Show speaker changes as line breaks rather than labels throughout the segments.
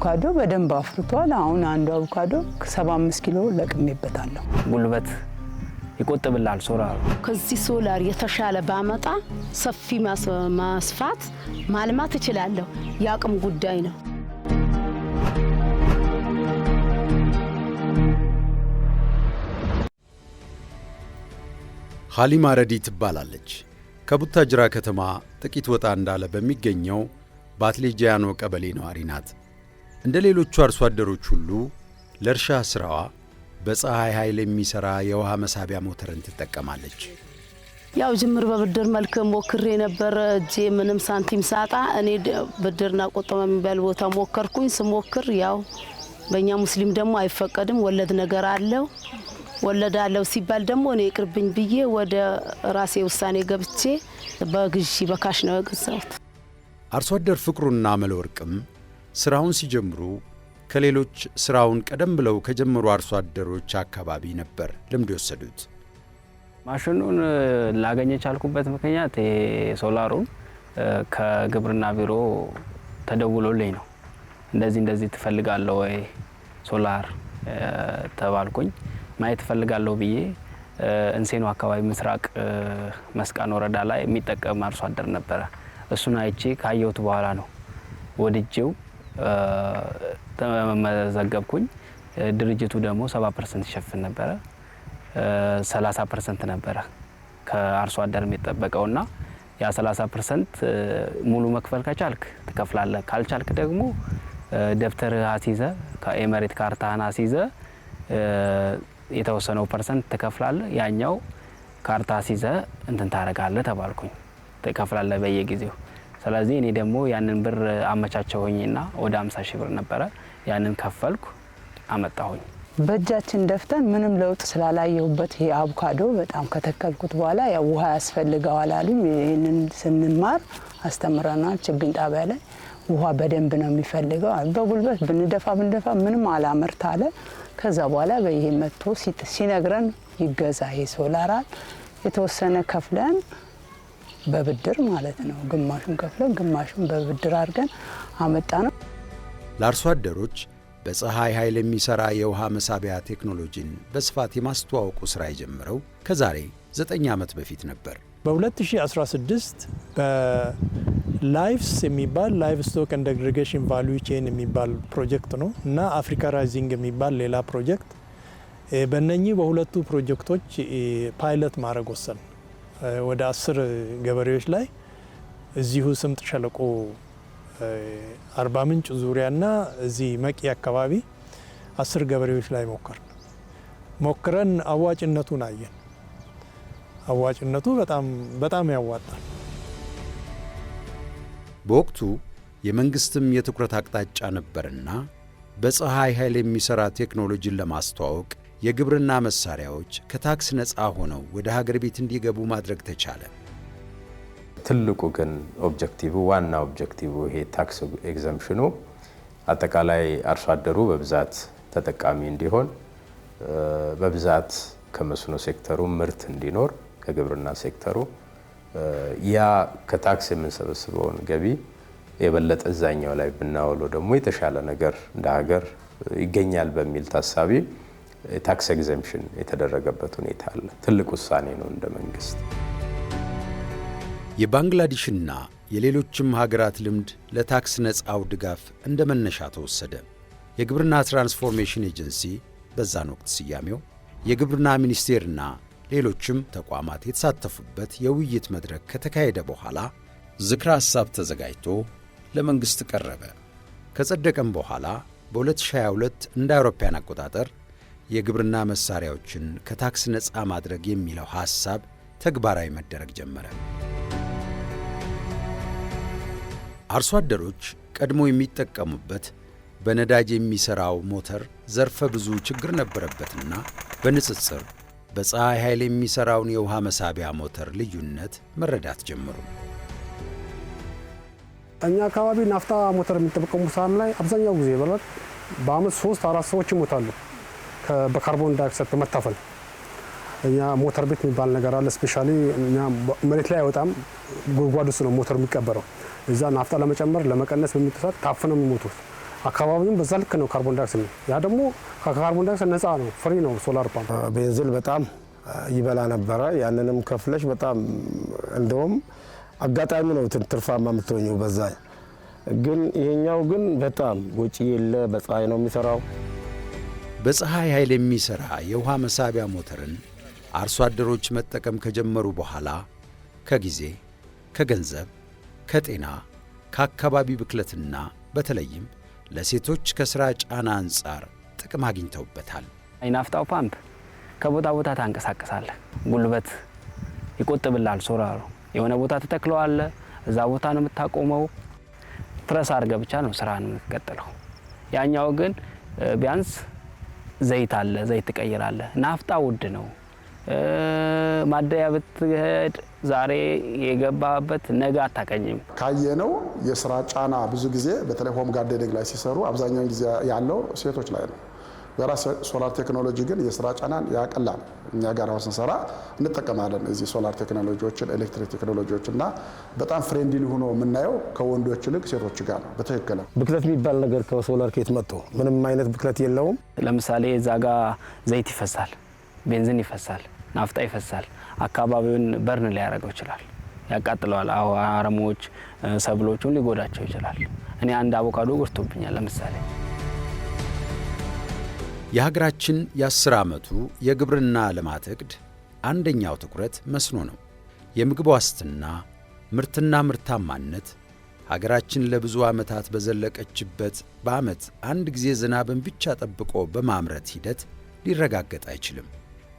አቮካዶ በደንብ አፍርቷል። አሁን አንዱ አቮካዶ 75 ኪሎ ለቅሜበታለሁ።
ጉልበት ይቆጥብላል። ሶላር
ከዚህ ሶላር የተሻለ ባመጣ ሰፊ ማስፋት ማልማት እችላለሁ። የአቅም ጉዳይ ነው።
ሀሊማ ረዲ ትባላለች። ከቡታጅራ ከተማ ጥቂት ወጣ እንዳለ በሚገኘው በአትሌጃያኖ ቀበሌ ነዋሪ ናት። እንደ ሌሎቹ አርሶ አደሮች ሁሉ ለእርሻ ሥራዋ በፀሐይ ኃይል የሚሠራ የውሃ መሳቢያ ሞተርን ትጠቀማለች።
ያው ጅምር በብድር መልክ ሞክሬ ነበረ። እጄ ምንም ሳንቲም ሳጣ እኔ ብድርና ቁጠባ የሚባል ቦታ ሞከርኩኝ። ስሞክር ያው በእኛ ሙስሊም ደግሞ አይፈቀድም፣ ወለድ ነገር አለው። ወለድ አለው ሲባል ደግሞ እኔ ይቅርብኝ ብዬ ወደ ራሴ ውሳኔ ገብቼ በግዢ በካሽ ነው የገዛሁት።
አርሶ አደር ፍቅሩና መለወርቅም ስራውን ሲጀምሩ ከሌሎች ስራውን ቀደም ብለው ከጀመሩ አርሶ አደሮች አካባቢ ነበር ልምድ የወሰዱት።
ማሽኑን ላገኘ ቻልኩበት ምክንያት ሶላሩን ከግብርና ቢሮ ተደውሎልኝ ነው። እንደዚህ እንደዚህ ትፈልጋለሁ ወይ ሶላር ተባልኩኝ። ማየት ትፈልጋለሁ ብዬ እንሴኑ አካባቢ ምስራቅ መስቃን ወረዳ ላይ የሚጠቀም አርሶ አደር ነበረ። እሱን አይቼ ካየሁት በኋላ ነው ወድጄው ተመዘገብኩኝ። ድርጅቱ ደግሞ 70 ፐርሰንት ይሸፍን ነበረ። 30 ፐርሰንት ነበረ ከአርሶ አደር የሚጠበቀውና ያ 30 ፐርሰንት ሙሉ መክፈል ከቻልክ ትከፍላለህ፣ ካልቻልክ ደግሞ ደብተርህ አስይዘ ከኤመሬት ካርታህን አስይዘ የተወሰነው ፐርሰንት ትከፍላለህ፣ ያኛው ካርታ አስይዘ እንትን ታደርጋለህ ተባልኩኝ። ትከፍላለህ በየጊዜው ስለዚህ እኔ ደግሞ ያንን ብር አመቻቸውኝና ወደ 50 ሺህ ብር ነበረ ያንን ከፈልኩ አመጣሁኝ።
በእጃችን ደፍተን ምንም ለውጥ ስላላየሁበት ይሄ አቮካዶ በጣም ከተከልኩት በኋላ ያው ውሃ ያስፈልገዋል አሉኝ። ይህንን ስንማር አስተምረናል ችግኝ ጣቢያ ላይ ውሃ በደንብ ነው የሚፈልገው። በጉልበት ብንደፋ ብንደፋ ምንም አላመርት አለ። ከዛ በኋላ በይሄ መጥቶ ሲነግረን ይገዛ ይሄ ሶላራል የተወሰነ ከፍለን በብድር ማለት ነው። ግማሹን ከፍለን ግማሹን በብድር አድርገን አመጣ ነው።
ለአርሶ አደሮች በፀሐይ ኃይል የሚሠራ የውሃ መሳቢያ ቴክኖሎጂን በስፋት የማስተዋወቁ ሥራ የጀመረው ከዛሬ 9 ዓመት በፊት ነበር።
በ2016 በላይፍስ የሚባል ላይቭ ስቶክ ኤንድ አግሪጌሽን ቫሉ ቼን የሚባል ፕሮጀክት ነው እና አፍሪካ ራይዚንግ የሚባል ሌላ ፕሮጀክት በእነኚህ በሁለቱ ፕሮጀክቶች ፓይለት ማድረግ ወሰን ወደ አስር ገበሬዎች ላይ እዚሁ ስምጥ ሸለቆ አርባ ምንጭ ዙሪያና እዚህ መቂ አካባቢ አስር ገበሬዎች ላይ ሞከርን። ሞክረን አዋጭነቱን አየን። አዋጭነቱ በጣም በጣም ያዋጣል።
በወቅቱ የመንግስትም የትኩረት አቅጣጫ ነበርና በፀሐይ ኃይል የሚሰራ ቴክኖሎጂን ለማስተዋወቅ የግብርና መሳሪያዎች ከታክስ ነፃ ሆነው ወደ ሀገር ቤት እንዲገቡ ማድረግ ተቻለ።
ትልቁ ግን ኦብጀክቲቭ ዋና ኦብጀክቲቭ ይሄ ታክስ ኤግዘምፕሽኑ አጠቃላይ አርሶ አደሩ በብዛት ተጠቃሚ እንዲሆን በብዛት ከመስኖ ሴክተሩ ምርት እንዲኖር ከግብርና ሴክተሩ ያ ከታክስ የምንሰበስበውን ገቢ የበለጠ እዛኛው ላይ ብናውሎ ደግሞ የተሻለ ነገር እንደ ሀገር ይገኛል በሚል ታሳቢ የታክስ ኤግዘምፕሽን የተደረገበት ሁኔታ አለ። ትልቅ ውሳኔ ነው እንደ መንግስት።
የባንግላዴሽና የሌሎችም ሀገራት ልምድ ለታክስ ነፃው ድጋፍ እንደ መነሻ ተወሰደ። የግብርና ትራንስፎርሜሽን ኤጀንሲ በዛን ወቅት ስያሜው የግብርና ሚኒስቴርና ሌሎችም ተቋማት የተሳተፉበት የውይይት መድረክ ከተካሄደ በኋላ ዝክረ ሐሳብ ተዘጋጅቶ ለመንግሥት ቀረበ። ከጸደቀም በኋላ በ2022 እንደ አውሮፓያን አቆጣጠር የግብርና መሳሪያዎችን ከታክስ ነፃ ማድረግ የሚለው ሐሳብ ተግባራዊ መደረግ ጀመረ። አርሶ አደሮች ቀድሞ የሚጠቀሙበት በነዳጅ የሚሠራው ሞተር ዘርፈ ብዙ ችግር ነበረበትና በንጽጽር በፀሐይ ኃይል የሚሠራውን የውሃ መሳቢያ ሞተር ልዩነት መረዳት ጀመሩ።
እኛ አካባቢ ናፍታ ሞተር የሚጠቀሙ ሳም ላይ አብዛኛው ጊዜ በላት በአመት ሶስት አራት ሰዎች ይሞታሉ። በካርቦን ዳይኦክሳይድ በመታፈን እኛ ሞተር ቤት የሚባል ነገር አለ። ስፔሻሊ እኛ መሬት ላይ አይወጣም፣ ጉድጓድ ውስጥ ነው ሞተር የሚቀበረው። እዛ ናፍጣ ለመጨመር ለመቀነስ በሚጥሳት ታፍ ነው የሚሞቱት። አካባቢውም በዛ ልክ ነው ካርቦን ዳይኦክሳይድ ነው። ያ ደግሞ ከካርቦን ዳይኦክሳይድ ነፃ ነው፣ ፍሪ ነው። ሶላር ፓምፕ
ቤንዚል በጣም ይበላ ነበረ። ያንንም ከፍለሽ በጣም እንደውም አጋጣሚ ነው ትርፋማ የምትሆኘው በዛ። ግን ይሄኛው ግን በጣም ወጪ የለ፣ በፀሐይ ነው የሚሰራው።
በፀሐይ ኃይል የሚሠራ የውሃ መሳቢያ ሞተርን አርሶ አደሮች መጠቀም ከጀመሩ በኋላ ከጊዜ ከገንዘብ፣ ከጤና፣ ከአካባቢ ብክለትና በተለይም ለሴቶች ከሥራ ጫና አንጻር ጥቅም አግኝተውበታል።
የናፍጣው ፓምፕ ከቦታ ቦታ ታንቀሳቀሳለ ጉልበት ይቆጥብላል። ሶላሩ የሆነ ቦታ ተተክለዋለ፣ እዛ ቦታ ነው የምታቆመው። ፕረስ አድርገህ ብቻ ነው ነው የምትቀጥለው። ያኛው ግን ቢያንስ ዘይት አለ፣ ዘይት ትቀይራለህ። ናፍጣ ውድ ነው። ማደያ ብትሄድ ዛሬ የገባበት ነገ አታቀኝም።
ካየነው የስራ ጫና ብዙ ጊዜ በተለይ ሆም ጋርደኒንግ ላይ ሲሰሩ አብዛኛውን ጊዜ ያለው ሴቶች ላይ ነው። የራስ ሶላር ቴክኖሎጂ ግን የስራ ጫናን ያቀላል። እኛ ጋር አሁን ስንሰራ እንጠቀማለን እዚህ ሶላር ቴክኖሎጂዎችን፣ ኤሌክትሪክ ቴክኖሎጂዎች እና በጣም ፍሬንድሊ ሆኖ የምናየው ከወንዶች ይልቅ ሴቶች ጋር ነው። በትክክል
ብክለት የሚባል ነገር ከሶላር ኬት መጥቶ ምንም አይነት ብክለት የለውም።
ለምሳሌ እዛ ጋ ዘይት ይፈሳል፣ ቤንዚን ይፈሳል፣ ናፍጣ ይፈሳል። አካባቢውን በርን ሊያደርገው ይችላል፣ ያቃጥለዋል። አረሞች፣ ሰብሎቹን ሊጎዳቸው ይችላል። እኔ አንድ አቮካዶ ጎርቶብኛል ለምሳሌ
የሀገራችን የአስር ዓመቱ የግብርና ልማት እቅድ አንደኛው ትኩረት መስኖ ነው። የምግብ ዋስትና፣ ምርትና ምርታማነት ሀገራችን ለብዙ ዓመታት በዘለቀችበት በዓመት አንድ ጊዜ ዝናብን ብቻ ጠብቆ በማምረት ሂደት ሊረጋገጥ አይችልም።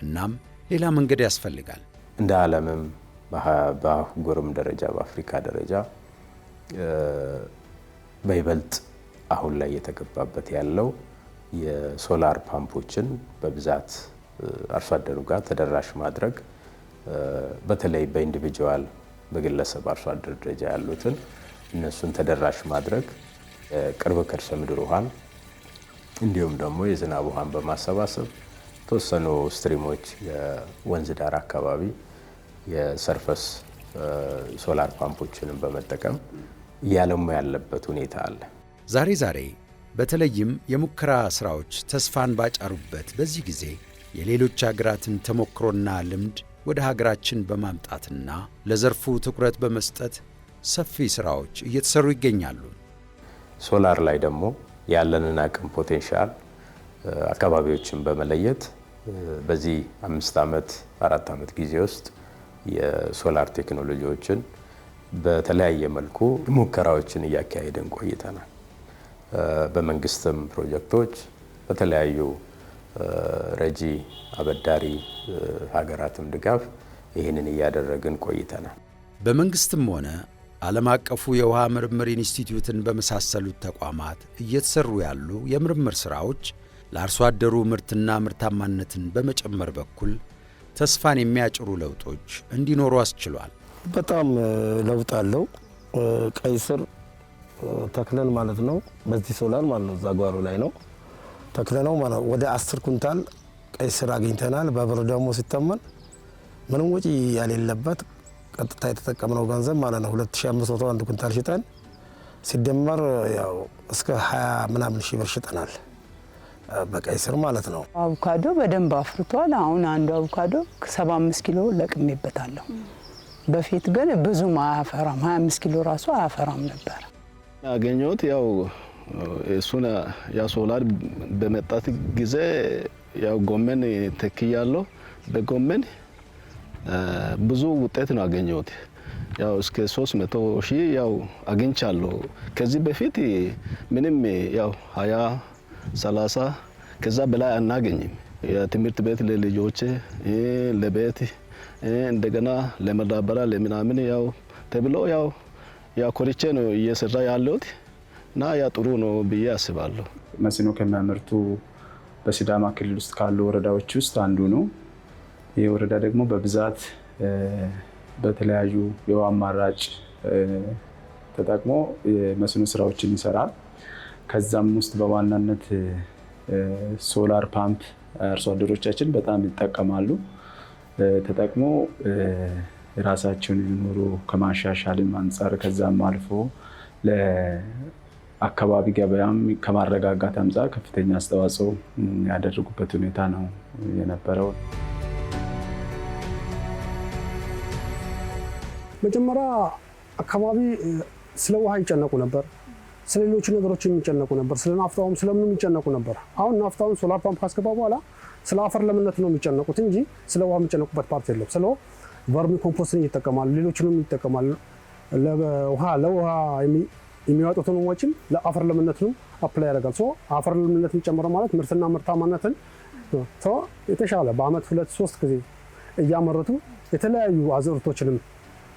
እናም ሌላ መንገድ ያስፈልጋል።
እንደ ዓለምም በአህጉርም ደረጃ በአፍሪካ ደረጃ በይበልጥ አሁን ላይ እየተገባበት ያለው የሶላር ፓምፖችን በብዛት አርሶ አደሩ ጋር ተደራሽ ማድረግ በተለይ በኢንዲቪጁዋል በግለሰብ አርሶ አደር ደረጃ ያሉትን እነሱን ተደራሽ ማድረግ ቅርብ ከርሰ ምድር ውሃን እንዲሁም ደግሞ የዝናብ ውሃን በማሰባሰብ የተወሰኑ ስትሪሞች የወንዝ ዳር አካባቢ የሰርፈስ ሶላር ፓምፖችንም በመጠቀም እያለሙ ያለበት ሁኔታ አለ።
ዛሬ ዛሬ በተለይም የሙከራ ሥራዎች ተስፋን ባጫሩበት በዚህ ጊዜ የሌሎች አገራትን ተሞክሮና ልምድ ወደ ሀገራችን በማምጣትና ለዘርፉ ትኩረት በመስጠት ሰፊ ሥራዎች እየተሰሩ ይገኛሉ።
ሶላር ላይ ደግሞ ያለንን አቅም ፖቴንሻል አካባቢዎችን በመለየት በዚህ አምስት ዓመት አራት ዓመት ጊዜ ውስጥ የሶላር ቴክኖሎጂዎችን በተለያየ መልኩ ሙከራዎችን እያካሄድን ቆይተናል። በመንግስትም ፕሮጀክቶች በተለያዩ ረጂ አበዳሪ ሀገራትም ድጋፍ ይህንን እያደረግን ቆይተናል።
በመንግስትም ሆነ ዓለም አቀፉ የውሃ ምርምር ኢንስቲትዩትን በመሳሰሉት ተቋማት እየተሰሩ ያሉ የምርምር ሥራዎች ለአርሶ አደሩ ምርትና ምርታማነትን በመጨመር በኩል ተስፋን የሚያጭሩ ለውጦች እንዲኖሩ አስችሏል።
በጣም ለውጥ አለው። ቀይ ስር ተክለን ማለት ነው። በዚህ ሶላር ማለት ነው እዛ ጓሮ ላይ ነው ተክለነው ማለት ወደ አስር ኩንታል ቀይ ስር አግኝተናል። በብር ደግሞ ሲተመን ምንም ወጪ ያሌለበት ቀጥታ የተጠቀምነው ገንዘብ ማለት ነው 2500 አንድ ኩንታል ሽጠን ሲደመር ያው እስከ 20 ምናምን ሺህ ብር ሽጠናል። በቀይ ስር ማለት ነው።
አቮካዶ በደንብ አፍርቷል። አሁን አንዱ አቮካዶ 75 ኪሎ ለቅሜበታለሁ። በፊት ግን ብዙም አያፈራም፣ 25 ኪሎ ራሱ አያፈራም ነበር።
ያገኘሁት ያው እሱን ያ ሶላር በመጣት ጊዜ ያው ጎመን ተክያለሁ። በጎመን ብዙ ውጤት ነው ያገኘሁት። ያው እስከ 300 ሺህ ያው አግኝቻለሁ። ከዚህ በፊት ምንም ያው 20 30 ከዛ በላይ አናገኝም። የትምህርት ቤት ለልጆች ለቤት እንደገና ለመዳበሪያ ለምናምን ያው ተብሎ ያው ያ ኮርቼ ነው እየሰራ ያለሁት እና ያ ጥሩ ነው ብዬ አስባለሁ።
መስኖ ከሚያመርቱ በሲዳማ ክልል ውስጥ ካሉ ወረዳዎች ውስጥ አንዱ ነው። ይህ ወረዳ ደግሞ በብዛት በተለያዩ የውሃ አማራጭ ተጠቅሞ የመስኖ ስራዎችን ይሰራል። ከዛም ውስጥ በዋናነት ሶላር ፓምፕ አርሶ አደሮቻችን በጣም ይጠቀማሉ ተጠቅሞ የራሳቸውን ኑሮ ከማሻሻልም አንጻር ከዛም አልፎ ለአካባቢ ገበያም ከማረጋጋት አንጻር ከፍተኛ አስተዋጽኦ ያደረጉበት ሁኔታ ነው የነበረው።
መጀመሪያ አካባቢ ስለ ውሃ ይጨነቁ ነበር። ስለ ሌሎች ነገሮች የሚጨነቁ ነበር። ስለ ናፍታውም ስለምንም ይጨነቁ ነበር። አሁን ናፍታውን ሶላር ፓምፕ ካስገባ በኋላ ስለ አፈር ለምነት ነው የሚጨነቁት እንጂ ስለ ውሃ የሚጨነቁበት ፓርት የለም። ቨርሚ ኮምፖስትን ይጠቀማሉ፣ ሌሎችንም ይጠቀማሉ። ለውሃ ለውሃ የሚያወጡትን ወጪም ለአፈር ለምነት ነው አፕላይ ያደርጋል። አፈር ለምነትን ጨምረ ማለት ምርትና ምርታማነትን የተሻለ በአመት ሁለት ሶስት ጊዜ እያመረቱ የተለያዩ አዝርቶችንም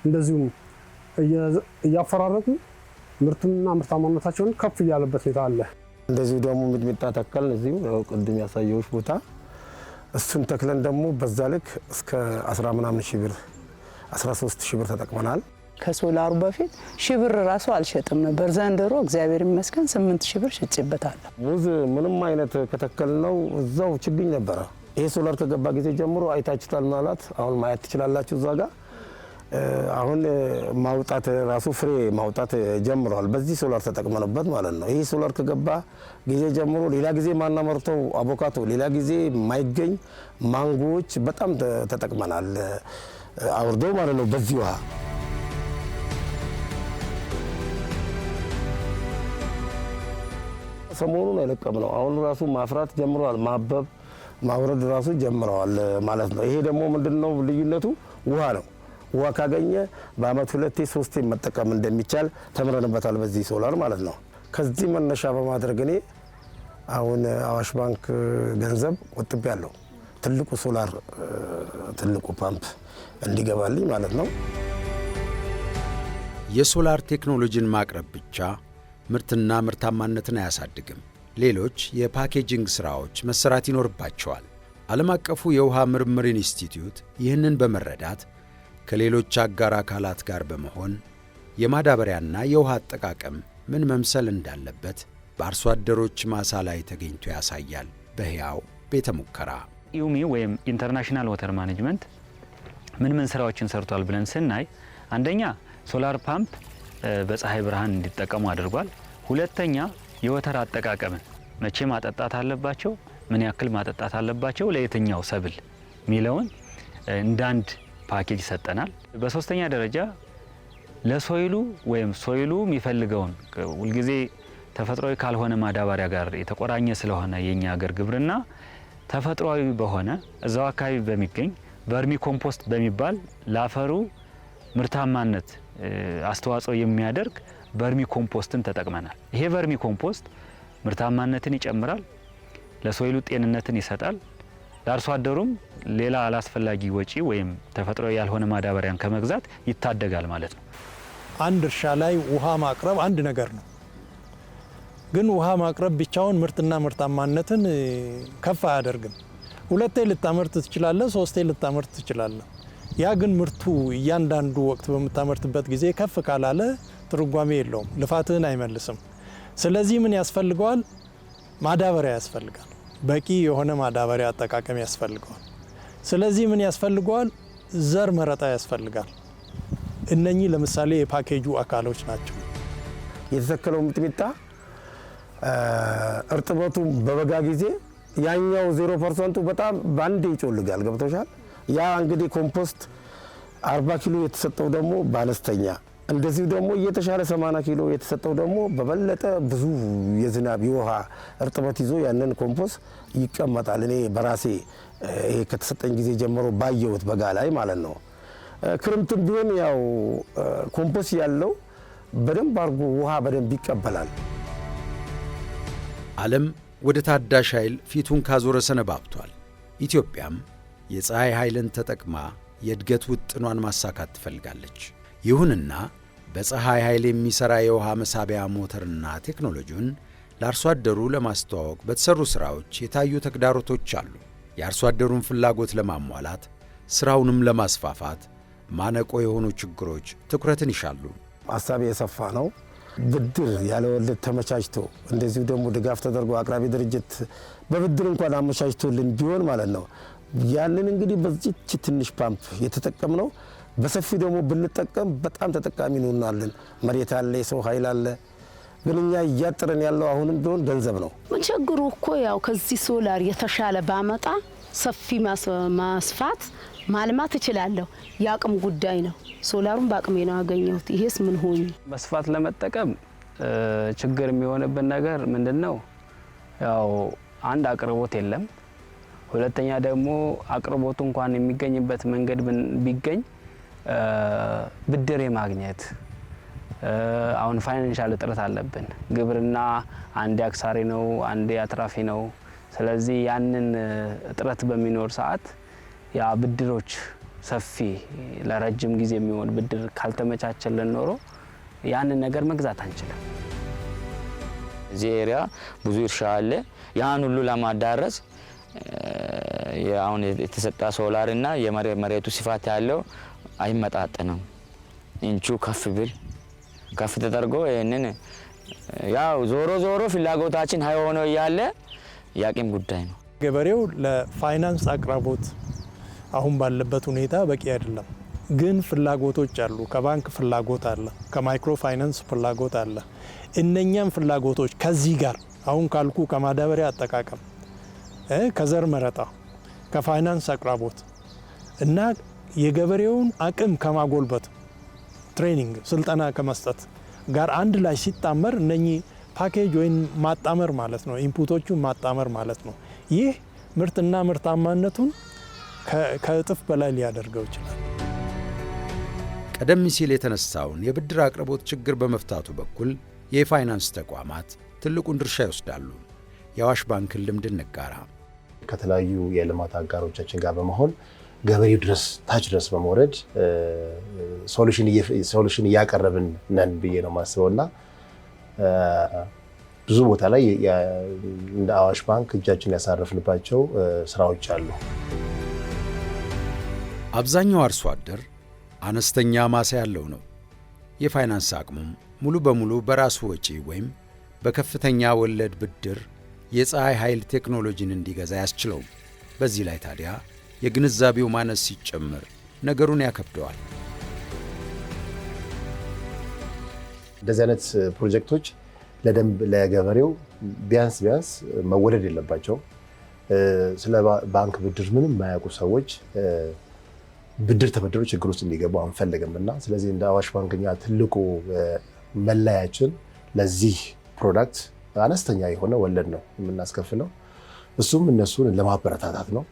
እንደዚሁም እያፈራረቁ ምርትና ምርታማነታቸውን ከፍ እያለበት ሁኔታ አለ።
እንደዚሁ ደግሞ ሚጥሚጣ ተከልን። እዚሁ ቅድም ያሳየዎች ቦታ እሱን ተክለን ደግሞ በዛ ልክ እስከ 10 ምናምን ሺህ ብር 13 ሺህ ብር ተጠቅመናል።
ከሶላሩ በፊት ሺህ ብር ራሱ አልሸጥም ነበር። ዘንድሮ እግዚአብሔር ይመስገን 8 ሺህ ብር
ሙዝ ምንም አይነት ከተከልነው እዛው ችግኝ ነበረ። ይሄ ሶላር ከገባ ጊዜ ጀምሮ አይታችሁታል ምናልባት አሁን ማየት ትችላላችሁ እዛ ጋር አሁን ማውጣት ራሱ ፍሬ ማውጣት ጀምረዋል በዚህ ሶላር ተጠቅመንበት ማለት ነው። ይህ ሶላር ከገባ ጊዜ ጀምሮ ሌላ ጊዜ ማናመርተው አቮካቶ፣ ሌላ ጊዜ ማይገኝ ማንጎዎች በጣም ተጠቅመናል አውርደው ማለት ነው በዚህ ውሃ ሰሞኑን የለቀምነው አሁን ራሱ ማፍራት ጀምረዋል። ማበብ ማውረድ ራሱ ጀምረዋል ማለት ነው። ይሄ ደግሞ ምንድን ነው ልዩነቱ ውሃ ነው። ውሃ ካገኘ በአመት ሁለቴ ሶስቴ መጠቀም እንደሚቻል ተምረንበታል በዚህ ሶላር ማለት ነው። ከዚህ መነሻ በማድረግ እኔ አሁን አዋሽ ባንክ ገንዘብ ቆጥቤ ያለው ትልቁ ሶላር ትልቁ ፓምፕ እንዲገባልኝ ማለት ነው።
የሶላር ቴክኖሎጂን ማቅረብ ብቻ ምርትና ምርታማነትን አያሳድግም። ሌሎች የፓኬጂንግ ሥራዎች መሠራት ይኖርባቸዋል። ዓለም አቀፉ የውሃ ምርምር ኢንስቲትዩት ይህንን በመረዳት ከሌሎች አጋር አካላት ጋር በመሆን የማዳበሪያና የውሃ አጠቃቀም ምን መምሰል እንዳለበት በአርሶ አደሮች ማሳ ላይ ተገኝቶ ያሳያል። በሕያው ቤተ ሙከራ
ኢዩሚ ወይም ኢንተርናሽናል ወተር ማኔጅመንት ምን ምን ስራዎችን ሰርቷል ብለን ስናይ፣ አንደኛ ሶላር ፓምፕ በፀሐይ ብርሃን እንዲጠቀሙ አድርጓል። ሁለተኛ የወተር አጠቃቀምን መቼ ማጠጣት አለባቸው፣ ምን ያክል ማጠጣት አለባቸው፣ ለየትኛው ሰብል የሚለውን እንዳንድ ፓኬጅ ይሰጠናል። በሶስተኛ ደረጃ ለሶይሉ ወይም ሶይሉ የሚፈልገውን ሁልጊዜ ተፈጥሯዊ ካልሆነ ማዳበሪያ ጋር የተቆራኘ ስለሆነ የኛ ሀገር ግብርና ተፈጥሯዊ በሆነ እዛው አካባቢ በሚገኝ በርሚ ኮምፖስት በሚባል ለአፈሩ ምርታማነት አስተዋጽኦ የሚያደርግ በርሚ ኮምፖስትን ተጠቅመናል። ይሄ በርሚ ኮምፖስት ምርታማነትን ይጨምራል፣ ለሶይሉ ጤንነትን ይሰጣል። ለአርሶ አደሩም ሌላ አላስፈላጊ ወጪ ወይም ተፈጥሮ ያልሆነ ማዳበሪያን ከመግዛት ይታደጋል ማለት ነው።
አንድ እርሻ ላይ ውሃ ማቅረብ አንድ ነገር ነው፣ ግን ውሃ ማቅረብ ብቻውን ምርትና ምርታማነትን ከፍ አያደርግም። ሁለቴ ልታመርት ትችላለህ፣ ሶስቴ ልታመርት ትችላለህ። ያ ግን ምርቱ እያንዳንዱ ወቅት በምታመርትበት ጊዜ ከፍ ካላለ ትርጓሜ የለውም፣ ልፋትህን አይመልስም። ስለዚህ ምን ያስፈልገዋል? ማዳበሪያ ያስፈልጋል። በቂ የሆነ ማዳበሪያ አጠቃቀም ያስፈልገዋል። ስለዚህ ምን ያስፈልገዋል? ዘር መረጣ ያስፈልጋል። እነኚህ ለምሳሌ የፓኬጁ አካሎች ናቸው።
የተተከለው ሚጥሚጣ እርጥበቱ በበጋ ጊዜ ያኛው ዜሮ ፐርሰንቱ በጣም በአንድ ይጮልጋል። ገብቶሻል? ያ እንግዲህ ኮምፖስት አርባ ኪሎ የተሰጠው ደግሞ በአነስተኛ እንደዚሁ ደግሞ እየተሻለ 80 ኪሎ የተሰጠው ደግሞ በበለጠ ብዙ የዝናብ የውሃ እርጥበት ይዞ ያንን ኮምፖስ ይቀመጣል። እኔ በራሴ ይሄ ከተሰጠኝ ጊዜ ጀምሮ ባየሁት በጋ ላይ ማለት ነው። ክርምትም ቢሆን ያው ኮምፖስ ያለው በደንብ አድርጎ ውሃ በደንብ ይቀበላል።
ዓለም ወደ ታዳሽ ኃይል ፊቱን ካዞረ ሰነባብቷል። ኢትዮጵያም የፀሐይ ኃይልን ተጠቅማ የእድገት ውጥኗን ማሳካት ትፈልጋለች። ይሁንና በፀሐይ ኃይል የሚሠራ የውሃ መሳቢያ ሞተርና ቴክኖሎጂውን ለአርሶ አደሩ ለማስተዋወቅ በተሠሩ ሥራዎች የታዩ ተግዳሮቶች አሉ። የአርሶ አደሩን ፍላጎት ለማሟላት ሥራውንም ለማስፋፋት ማነቆ የሆኑ ችግሮች ትኩረትን ይሻሉ።
ሀሳብ የሰፋ ነው። ብድር ያለ ወለድ ተመቻችቶ እንደዚሁ ደግሞ ድጋፍ ተደርጎ አቅራቢ ድርጅት በብድር እንኳን አመቻችቶልን ቢሆን ማለት ነው። ያንን እንግዲህ በዚች ትንሽ ፓምፕ የተጠቀምነው በሰፊው ደግሞ ብንጠቀም በጣም ተጠቃሚ እንሆናለን። መሬት አለ፣ የሰው ኃይል አለ። ግን እኛ እያጥረን ያለው አሁንም ቢሆን ገንዘብ ነው።
ችግሩ እኮ ያው ከዚህ ሶላር የተሻለ ባመጣ ሰፊ ማስፋት ማልማት እችላለሁ። የአቅም ጉዳይ ነው። ሶላሩን በአቅሜ ነው ያገኘሁት። ይሄስ ምን ሆኝ
መስፋት ለመጠቀም ችግር የሚሆንብን ነገር ምንድን ነው? ያው አንድ አቅርቦት የለም። ሁለተኛ ደግሞ አቅርቦቱ እንኳን የሚገኝበት መንገድ ቢገኝ ብድር የማግኘት አሁን ፋይናንሻል እጥረት አለብን። ግብርና አንዴ አክሳሪ ነው፣ አንዴ አትራፊ ነው። ስለዚህ ያንን እጥረት በሚኖር ሰዓት ያ ብድሮች ሰፊ ለረጅም ጊዜ የሚሆን ብድር ካልተመቻቸልን ኖሮ ያንን ነገር መግዛት አንችልም። እዚህ ኤሪያ ብዙ እርሻ አለ። ያን ሁሉ ለማዳረስ አሁን የተሰጣ ሶላር እና የመሬቱ ስፋት ያለው አይመጣጥንም። እንቹ ከፍ ብል ከፍ ተደርጎ ይህንን ያው ዞሮ ዞሮ ፍላጎታችን ሀይ ሆኖ እያለ የአቅም ጉዳይ ነው።
ገበሬው ለፋይናንስ አቅራቦት አሁን ባለበት ሁኔታ በቂ አይደለም። ግን ፍላጎቶች አሉ። ከባንክ ፍላጎት አለ፣ ከማይክሮ ፋይናንስ ፍላጎት አለ። እነኛም ፍላጎቶች ከዚህ ጋር አሁን ካልኩ ከማዳበሪያ አጠቃቀም፣ ከዘር መረጣ፣ ከፋይናንስ አቅራቦት እና የገበሬውን አቅም ከማጎልበት ትሬኒንግ ስልጠና ከመስጠት ጋር አንድ ላይ ሲጣመር እነኚህ ፓኬጅ ወይም ማጣመር ማለት ነው፣ ኢንፑቶቹን ማጣመር ማለት ነው። ይህ ምርትና ምርታማነቱን ከእጥፍ በላይ ሊያደርገው ይችላል።
ቀደም ሲል የተነሳውን የብድር አቅርቦት ችግር በመፍታቱ በኩል የፋይናንስ ተቋማት ትልቁን ድርሻ ይወስዳሉ። የአዋሽ ባንክን ልምድ እንጋራ።
ከተለያዩ የልማት አጋሮቻችን ጋር በመሆን ገበሬው ድረስ ታች ድረስ በመውረድ ሶሉሽን እያቀረብን ነን ብዬ ነው የማስበው እና ብዙ ቦታ ላይ እንደ አዋሽ ባንክ እጃችን ያሳረፍንባቸው ስራዎች አሉ።
አብዛኛው አርሶ አደር አነስተኛ ማሳ ያለው ነው። የፋይናንስ አቅሙም ሙሉ በሙሉ በራሱ ወጪ ወይም በከፍተኛ ወለድ ብድር የፀሐይ ኃይል ቴክኖሎጂን እንዲገዛ አያስችለውም። በዚህ ላይ ታዲያ የግንዛቤው ማነስ ሲጨምር ነገሩን ያከብደዋል።
እንደዚህ አይነት ፕሮጀክቶች ለደንብ ለገበሬው ቢያንስ ቢያንስ መወለድ የለባቸው። ስለ ባንክ ብድር ምንም የማያውቁ ሰዎች ብድር ተበድሮ ችግር ውስጥ እንዲገቡ አንፈልግም እና ስለዚህ እንደ አዋሽ ባንክኛ ትልቁ መለያችን ለዚህ ፕሮዳክት አነስተኛ የሆነ ወለድ ነው የምናስከፍለው። እሱም እነሱን ለማበረታታት ነው።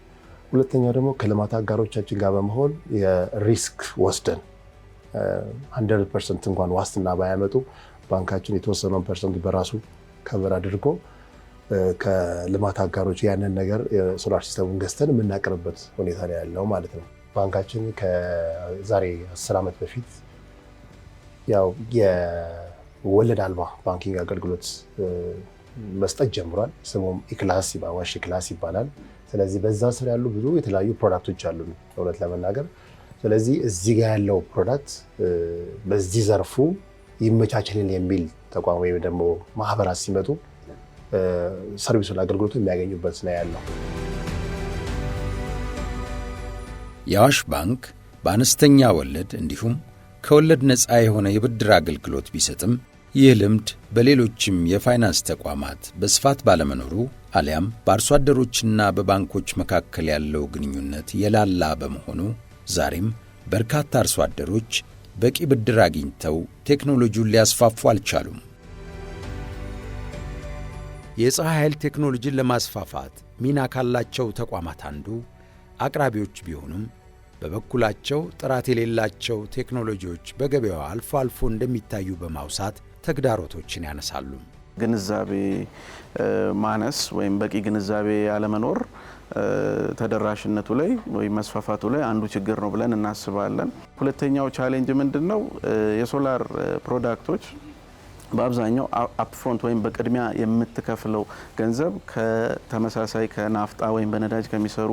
ሁለተኛው ደግሞ ከልማት አጋሮቻችን ጋር በመሆን የሪስክ ወስደን 100 ፐርሰንት እንኳን ዋስትና ባያመጡ ባንካችን የተወሰነውን ፐርሰንት በራሱ ከበር አድርጎ ከልማት አጋሮች ያንን ነገር የሶላር ሲስተሙን ገዝተን የምናቀርብበት ሁኔታ ላይ ያለው ማለት ነው። ባንካችን ከዛሬ አስር ዓመት በፊት ያው የወለድ አልባ ባንኪንግ አገልግሎት መስጠት ጀምሯል። ስሙም ኢክላስ ዋሽ ኢክላስ ይባላል። ስለዚህ በዛ ስር ያሉ ብዙ የተለያዩ ፕሮዳክቶች አሉ እውነት ለመናገር ስለዚህ እዚህ ጋር ያለው ፕሮዳክት በዚህ ዘርፉ ይመቻችልን የሚል ተቋም ወይም ደግሞ ማህበራት ሲመጡ ሰርቪሱን አገልግሎቱ የሚያገኙበት ነው ያለው።
የአዋሽ ባንክ በአነስተኛ ወለድ እንዲሁም ከወለድ ነፃ የሆነ የብድር አገልግሎት ቢሰጥም ይህ ልምድ በሌሎችም የፋይናንስ ተቋማት በስፋት ባለመኖሩ አሊያም በአርሶ አደሮችና በባንኮች መካከል ያለው ግንኙነት የላላ በመሆኑ ዛሬም በርካታ አርሶ አደሮች በቂ ብድር አግኝተው ቴክኖሎጂውን ሊያስፋፉ አልቻሉም። የፀሐይ ኃይል ቴክኖሎጂን ለማስፋፋት ሚና ካላቸው ተቋማት አንዱ አቅራቢዎች ቢሆኑም በበኩላቸው ጥራት የሌላቸው ቴክኖሎጂዎች በገበያው አልፎ አልፎ እንደሚታዩ በማውሳት ተግዳሮቶችን ያነሳሉ።
ግንዛቤ ማነስ ወይም በቂ ግንዛቤ ያለመኖር ተደራሽነቱ ላይ ወይም መስፋፋቱ ላይ አንዱ ችግር ነው ብለን እናስባለን። ሁለተኛው ቻሌንጅ ምንድን ነው? የሶላር ፕሮዳክቶች በአብዛኛው አፕፍሮንት ወይም በቅድሚያ የምትከፍለው ገንዘብ ከተመሳሳይ ከናፍጣ ወይም በነዳጅ ከሚሰሩ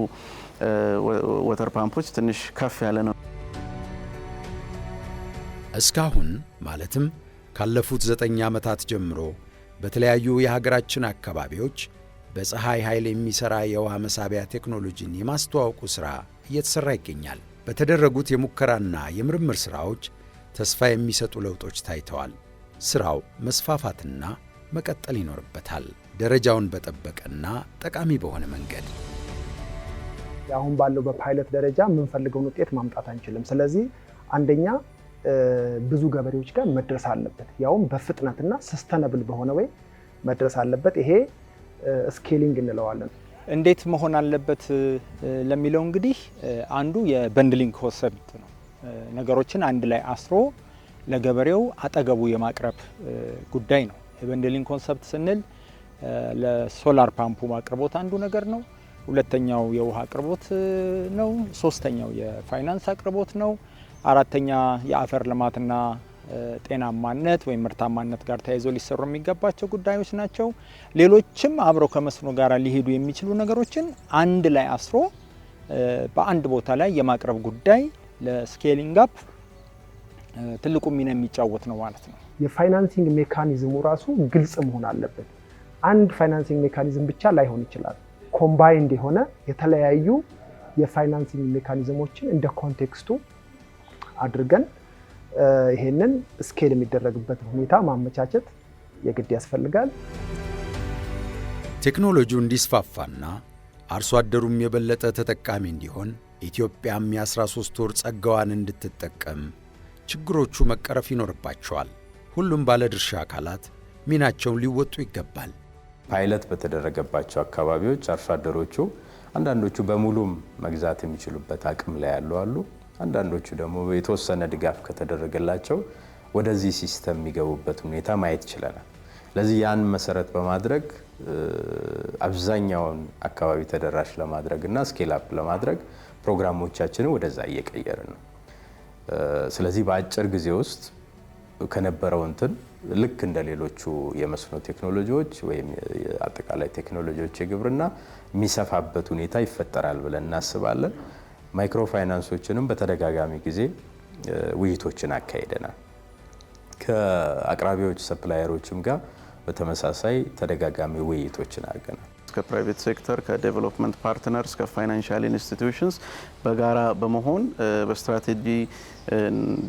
ወተር ፓምፖች ትንሽ ከፍ ያለ ነው።
እስካሁን ማለትም ካለፉት ዘጠኝ ዓመታት ጀምሮ በተለያዩ የሀገራችን አካባቢዎች በፀሐይ ኃይል የሚሠራ የውሃ መሳቢያ ቴክኖሎጂን የማስተዋወቁ ሥራ እየተሠራ ይገኛል። በተደረጉት የሙከራና የምርምር ሥራዎች ተስፋ የሚሰጡ ለውጦች ታይተዋል። ሥራው መስፋፋትና መቀጠል ይኖርበታል፣ ደረጃውን በጠበቀና ጠቃሚ በሆነ መንገድ።
አሁን ባለው በፓይለት ደረጃ የምንፈልገውን ውጤት ማምጣት አንችልም። ስለዚህ አንደኛ ብዙ ገበሬዎች ጋር መድረስ አለበት። ያውም በፍጥነትና ሰስተነብል በሆነ ወይ መድረስ አለበት። ይሄ ስኬሊንግ እንለዋለን።
እንዴት መሆን አለበት ለሚለው እንግዲህ አንዱ የበንድሊንግ ኮንሰፕት ነው። ነገሮችን አንድ ላይ አስሮ ለገበሬው አጠገቡ የማቅረብ ጉዳይ ነው። የበንድሊንግ ኮንሰፕት ስንል ለሶላር ፓምፑ አቅርቦት አንዱ ነገር ነው። ሁለተኛው የውሃ አቅርቦት ነው። ሶስተኛው የፋይናንስ አቅርቦት ነው። አራተኛ የአፈር ልማትና ጤናማነት ወይም ምርታማነት ጋር ተያይዞ ሊሰሩ የሚገባቸው ጉዳዮች ናቸው። ሌሎችም አብረው ከመስኖ ጋር ሊሄዱ የሚችሉ ነገሮችን አንድ ላይ አስሮ በአንድ ቦታ ላይ የማቅረብ ጉዳይ ለስኬሊንግ አፕ ትልቁ ሚና የሚጫወት ነው ማለት ነው።
የፋይናንሲንግ ሜካኒዝሙ ራሱ ግልጽ መሆን አለበት። አንድ ፋይናንሲንግ ሜካኒዝም ብቻ ላይሆን ይችላል። ኮምባይንድ የሆነ የተለያዩ የፋይናንሲንግ ሜካኒዝሞችን እንደ ኮንቴክስቱ አድርገን ይሄንን ስኬል የሚደረግበት ሁኔታ ማመቻቸት የግድ ያስፈልጋል።
ቴክኖሎጂው እንዲስፋፋና አርሶ አደሩም የበለጠ ተጠቃሚ እንዲሆን ኢትዮጵያም የ13 ወር ጸጋዋን እንድትጠቀም ችግሮቹ መቀረፍ ይኖርባቸዋል። ሁሉም ባለድርሻ አካላት ሚናቸውን ሊወጡ ይገባል።
ፓይለት በተደረገባቸው አካባቢዎች አርሶ አደሮቹ አንዳንዶቹ በሙሉም መግዛት የሚችሉበት አቅም ላይ ያሉ አሉ። አንዳንዶቹ ደግሞ የተወሰነ ድጋፍ ከተደረገላቸው ወደዚህ ሲስተም የሚገቡበት ሁኔታ ማየት ችለናል። ለዚህ ያን መሰረት በማድረግ አብዛኛውን አካባቢ ተደራሽ ለማድረግ እና ስኬል አፕ ለማድረግ ፕሮግራሞቻችንን ወደዛ እየቀየርን ነው። ስለዚህ በአጭር ጊዜ ውስጥ ከነበረው እንትን ልክ እንደ ሌሎቹ የመስኖ ቴክኖሎጂዎች ወይም አጠቃላይ ቴክኖሎጂዎች የግብርና የሚሰፋበት ሁኔታ ይፈጠራል ብለን እናስባለን። ማይክሮ ፋይናንሶችንም በተደጋጋሚ ጊዜ ውይይቶችን አካሂደናል። ከአቅራቢዎች ሰፕላየሮችም ጋር በተመሳሳይ ተደጋጋሚ ውይይቶችን አድርገናል።
ከፕራይቬት ሴክተር ከዴቨሎፕመንት ፓርትነርስ ከፋይናንሻል ኢንስቲትዩሽንስ በጋራ በመሆን በስትራቴጂ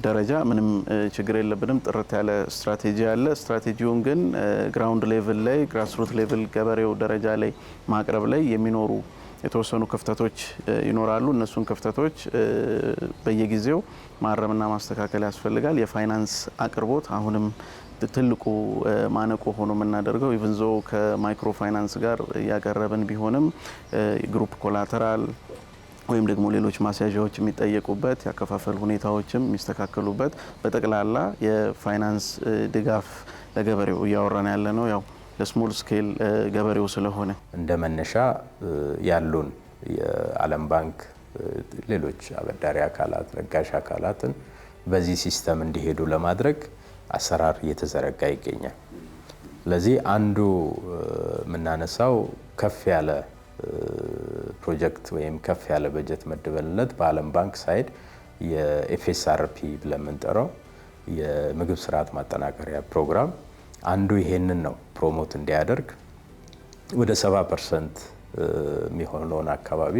ደረጃ ምንም ችግር የለብንም። ጥርት ያለ ስትራቴጂ አለ። ስትራቴጂውን ግን ግራውንድ ሌቭል ላይ ግራስሩት ሌቭል ገበሬው ደረጃ ላይ ማቅረብ ላይ የሚኖሩ የተወሰኑ ክፍተቶች ይኖራሉ። እነሱን ክፍተቶች በየጊዜው ማረምና ማስተካከል ያስፈልጋል። የፋይናንስ አቅርቦት አሁንም ትልቁ ማነቆ ሆኖ የምናደርገው ኢቨንዞ ከማይክሮ ፋይናንስ ጋር እያቀረብን ቢሆንም ግሩፕ ኮላተራል ወይም ደግሞ ሌሎች ማስያዣዎች የሚጠየቁበት ያከፋፈል ሁኔታዎችም የሚስተካከሉበት በጠቅላላ የፋይናንስ ድጋፍ ለገበሬው እያወራን ያለ ነው ያው ለስሞል ስኬል ገበሬው ስለሆነ
እንደ መነሻ ያሉን የዓለም ባንክ ሌሎች አበዳሪ አካላት ለጋሽ አካላትን በዚህ ሲስተም እንዲሄዱ ለማድረግ አሰራር እየተዘረጋ ይገኛል። ስለዚህ አንዱ የምናነሳው ከፍ ያለ ፕሮጀክት ወይም ከፍ ያለ በጀት መድበንለት በዓለም ባንክ ሳይድ የኤፍኤስአርፒ ብለን የምንጠራው የምግብ ስርዓት ማጠናከሪያ ፕሮግራም አንዱ ይሄንን ነው ፕሮሞት እንዲያደርግ ወደ 70 ፐርሰንት የሚሆነውን አካባቢ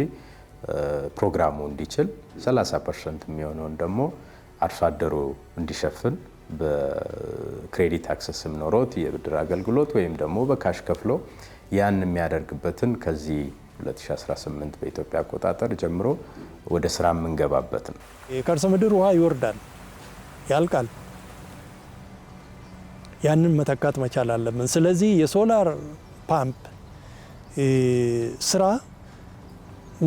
ፕሮግራሙ እንዲችል 30 ፐርሰንት የሚሆነውን ደግሞ አርሶ አደሩ እንዲሸፍን በክሬዲት አክሰስም ኖሮት የብድር አገልግሎት ወይም ደግሞ በካሽ ከፍሎ ያን የሚያደርግበትን ከዚህ 2018 በኢትዮጵያ አቆጣጠር ጀምሮ ወደ ስራ የምንገባበት ነው።
የከርሰ ምድር ውሃ ይወርዳል፣ ያልቃል ያንን መተካት መቻል አለብን። ስለዚህ የሶላር ፓምፕ ስራ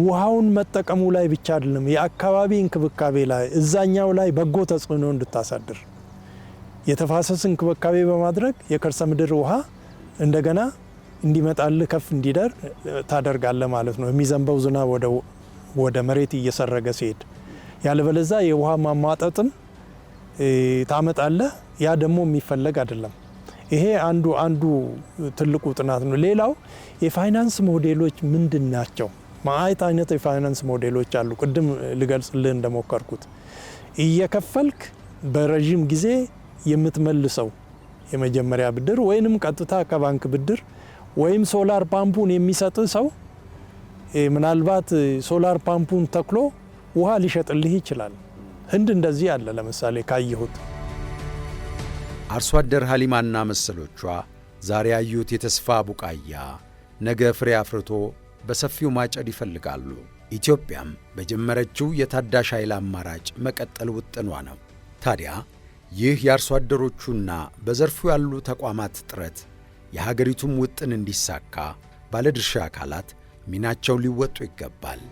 ውሃውን መጠቀሙ ላይ ብቻ አይደለም፣ የአካባቢ እንክብካቤ ላይ እዛኛው ላይ በጎ ተጽዕኖ እንድታሳድር የተፋሰስ እንክብካቤ በማድረግ የከርሰ ምድር ውሃ እንደገና እንዲመጣልህ ከፍ እንዲደር ታደርጋለህ ማለት ነው። የሚዘንበው ዝናብ ወደ መሬት እየሰረገ ሲሄድ፣ ያለበለዛ የውሃ ማሟጠጥም ታመጣለህ። ያ ደግሞ የሚፈለግ አይደለም። ይሄ አንዱ አንዱ ትልቁ ጥናት ነው። ሌላው የፋይናንስ ሞዴሎች ምንድን ናቸው? ማአይት አይነት የፋይናንስ ሞዴሎች አሉ። ቅድም ልገልጽልህ እንደሞከርኩት እየከፈልክ በረዥም ጊዜ የምትመልሰው የመጀመሪያ ብድር ወይንም ቀጥታ ከባንክ ብድር ወይም ሶላር ፓምፑን የሚሰጥ ሰው ምናልባት ሶላር ፓምፑን ተክሎ ውሃ ሊሸጥልህ ይችላል። ህንድ እንደዚህ አለ ለምሳሌ ካየሁት
አርሶ አደር ሐሊማና መሰሎቿ ዛሬ ያዩት የተስፋ ቡቃያ ነገ ፍሬ አፍርቶ በሰፊው ማጨድ ይፈልጋሉ። ኢትዮጵያም በጀመረችው የታዳሽ ኃይል አማራጭ መቀጠል ውጥኗ ነው። ታዲያ ይህ የአርሶ አደሮቹና በዘርፉ ያሉ ተቋማት ጥረት የሀገሪቱም ውጥን እንዲሳካ ባለድርሻ አካላት ሚናቸው ሊወጡ ይገባል።